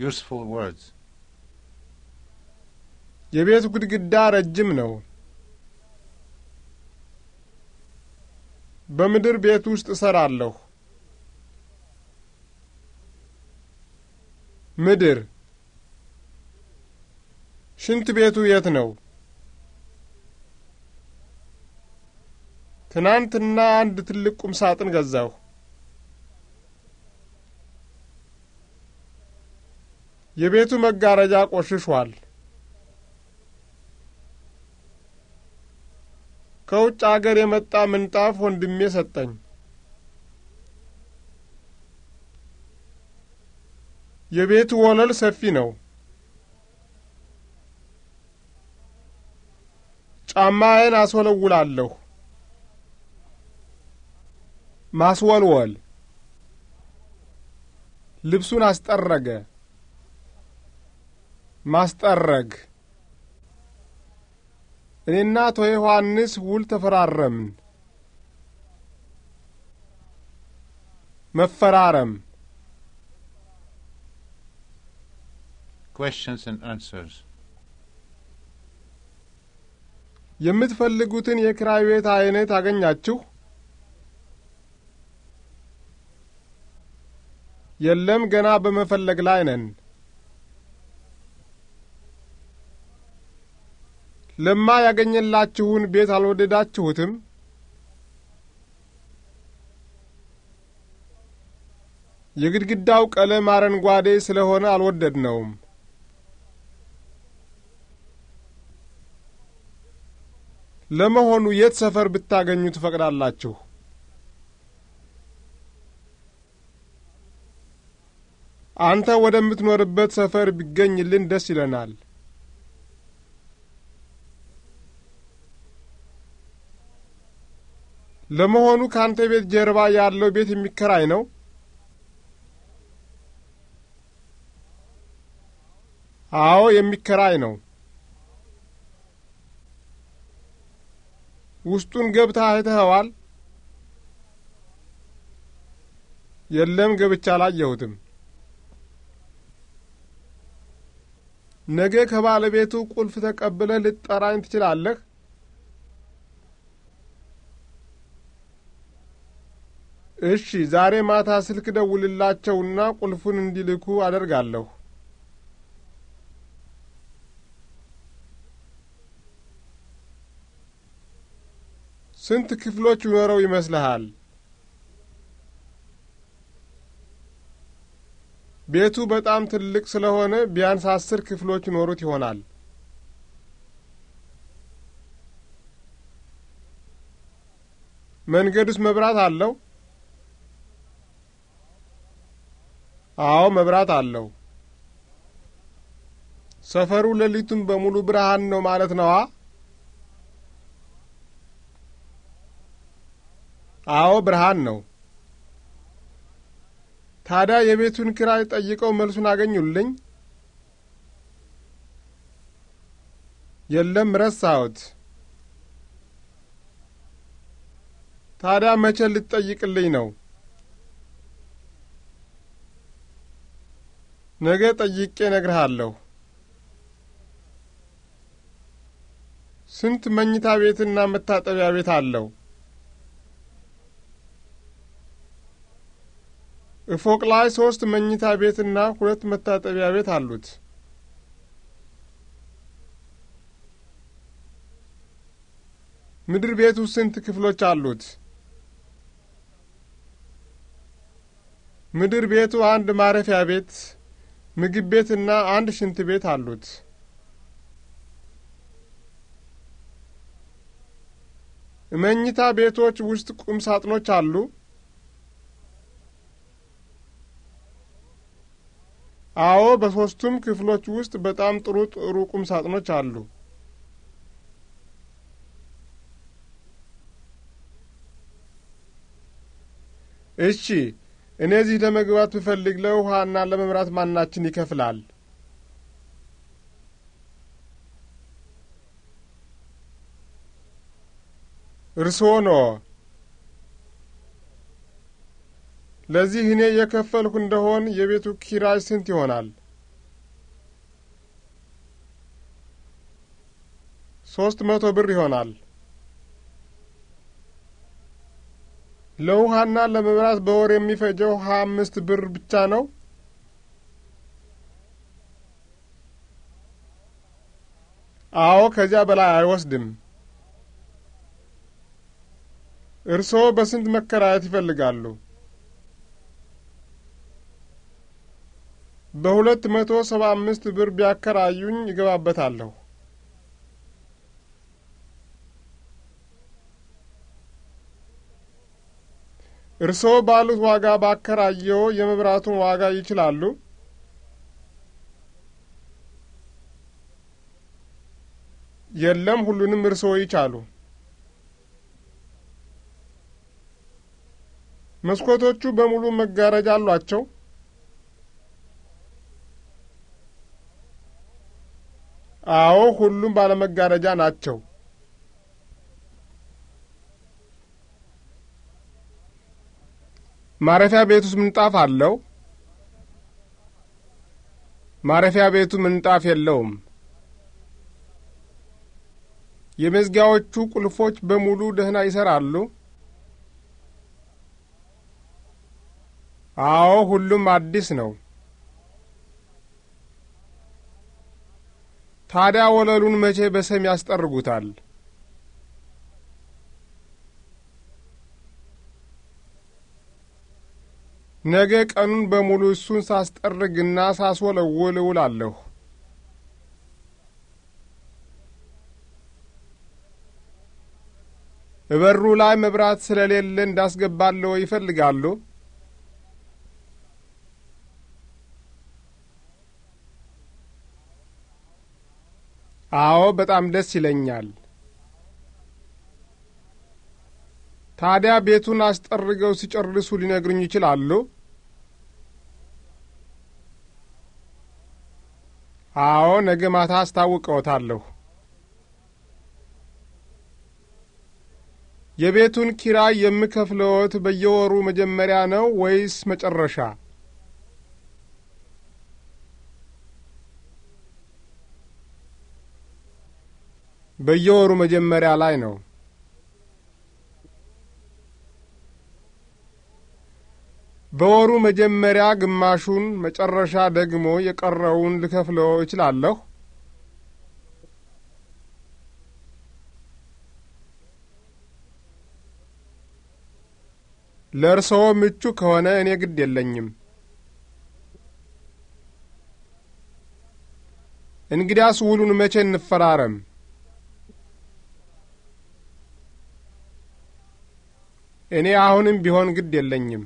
useful words. የቤቱ ግድግዳ ረጅም ነው። በምድር ቤት ውስጥ እሰራለሁ። ምድር ሽንት ቤቱ የት ነው? ትናንትና አንድ ትልቅ ቁም ሳጥን ገዛሁ። የቤቱ መጋረጃ ቆሽሿል። ከውጭ አገር የመጣ ምንጣፍ ወንድሜ ሰጠኝ። የቤቱ ወለል ሰፊ ነው። ጫማዬን አስወለውላለሁ። ማስወልወል ልብሱን አስጠረገ። ማስጠረግ እኔና አቶ ዮሐንስ ውል ተፈራረምን። መፈራረም questions and answers የምትፈልጉትን የክራይ ቤት አይነት አገኛችሁ? የለም ገና በመፈለግ ላይ ነን። ለማ ያገኘላችሁን ቤት አልወደዳችሁትም? የግድግዳው ቀለም አረንጓዴ ስለሆነ አልወደድነውም። ለመሆኑ የት ሰፈር ብታገኙ ትፈቅዳላችሁ? አንተ ወደምትኖርበት ሰፈር ቢገኝልን ደስ ይለናል። ለመሆኑ ካንተ ቤት ጀርባ ያለው ቤት የሚከራይ ነው? አዎ፣ የሚከራይ ነው። ውስጡን ገብታ አይተኸዋል? የለም፣ ገብቻ አላየሁትም። ነገ ከባለቤቱ ቁልፍ ተቀብለህ ልጠራኝ ትችላለህ? እሺ፣ ዛሬ ማታ ስልክ ደውልላቸውና ቁልፉን እንዲልኩ አደርጋለሁ። ስንት ክፍሎች ይኖረው ይመስልሃል? ቤቱ በጣም ትልቅ ስለሆነ ቢያንስ አስር ክፍሎች ይኖሩት ይሆናል። መንገዱስ መብራት አለው? አዎ መብራት አለው። ሰፈሩ ሌሊቱን በሙሉ ብርሃን ነው ማለት ነዋ? አዎ ብርሃን ነው። ታዲያ የቤቱን ኪራይ ጠይቀው መልሱን አገኙልኝ? የለም ረሳሁት። ታዲያ መቼ ልትጠይቅልኝ ነው? ነገ ጠይቄ እነግርሃለሁ። ስንት መኝታ ቤትና መታጠቢያ ቤት አለው? እፎቅ ላይ ሶስት መኝታ ቤትና ሁለት መታጠቢያ ቤት አሉት። ምድር ቤቱ ስንት ክፍሎች አሉት? ምድር ቤቱ አንድ ማረፊያ ቤት ምግብ ቤትና አንድ ሽንት ቤት አሉት። መኝታ ቤቶች ውስጥ ቁም ሳጥኖች አሉ? አዎ፣ በሦስቱም ክፍሎች ውስጥ በጣም ጥሩ ጥሩ ቁም ሳጥኖች አሉ። እሺ እኔ እዚህ ለመግባት ብፈልግ ለውሃና ለመብራት ማናችን ይከፍላል? እርስዎ ነው። ለዚህ እኔ የከፈልሁ እንደሆን የቤቱ ኪራይ ስንት ይሆናል? ሶስት መቶ ብር ይሆናል። ለውሃና ለመብራት በወር የሚፈጀው ሀያ አምስት ብር ብቻ ነው። አዎ፣ ከዚያ በላይ አይወስድም። እርስዎ በስንት መከራየት ይፈልጋሉ? በሁለት መቶ ሰባ አምስት ብር ቢያከራዩኝ ይገባበታለሁ። እርስዎ ባሉት ዋጋ ባከራየው የመብራቱን ዋጋ ይችላሉ? የለም፣ ሁሉንም እርስዎ ይቻሉ። መስኮቶቹ በሙሉ መጋረጃ አሏቸው? አዎ፣ ሁሉም ባለመጋረጃ ናቸው። ማረፊያ ቤቱስ ምንጣፍ አለው? ማረፊያ ቤቱ ምንጣፍ የለውም። የመዝጊያዎቹ ቁልፎች በሙሉ ደህና ይሰራሉ? አዎ፣ ሁሉም አዲስ ነው። ታዲያ ወለሉን መቼ በሰም ያስጠርጉታል? ነገ ቀኑን በሙሉ እሱን ሳስጠርግና ሳስወለውል እውላለሁ። እበሩ ላይ መብራት ስለሌለ እንዳስገባለሁ ይፈልጋሉ። አዎ፣ በጣም ደስ ይለኛል። ታዲያ ቤቱን አስጠርገው ሲጨርሱ ሊነግሩኝ ይችላሉ? አዎ፣ ነገ ማታ አስታውቀዎታለሁ። የቤቱን ኪራይ የምከፍለዎት በየወሩ መጀመሪያ ነው ወይስ መጨረሻ? በየወሩ መጀመሪያ ላይ ነው። በወሩ መጀመሪያ ግማሹን፣ መጨረሻ ደግሞ የቀረውን ልከፍለው እችላለሁ? ለእርስዎ ምቹ ከሆነ እኔ ግድ የለኝም። እንግዲያስ ውሉን መቼ እንፈራረም? እኔ አሁንም ቢሆን ግድ የለኝም።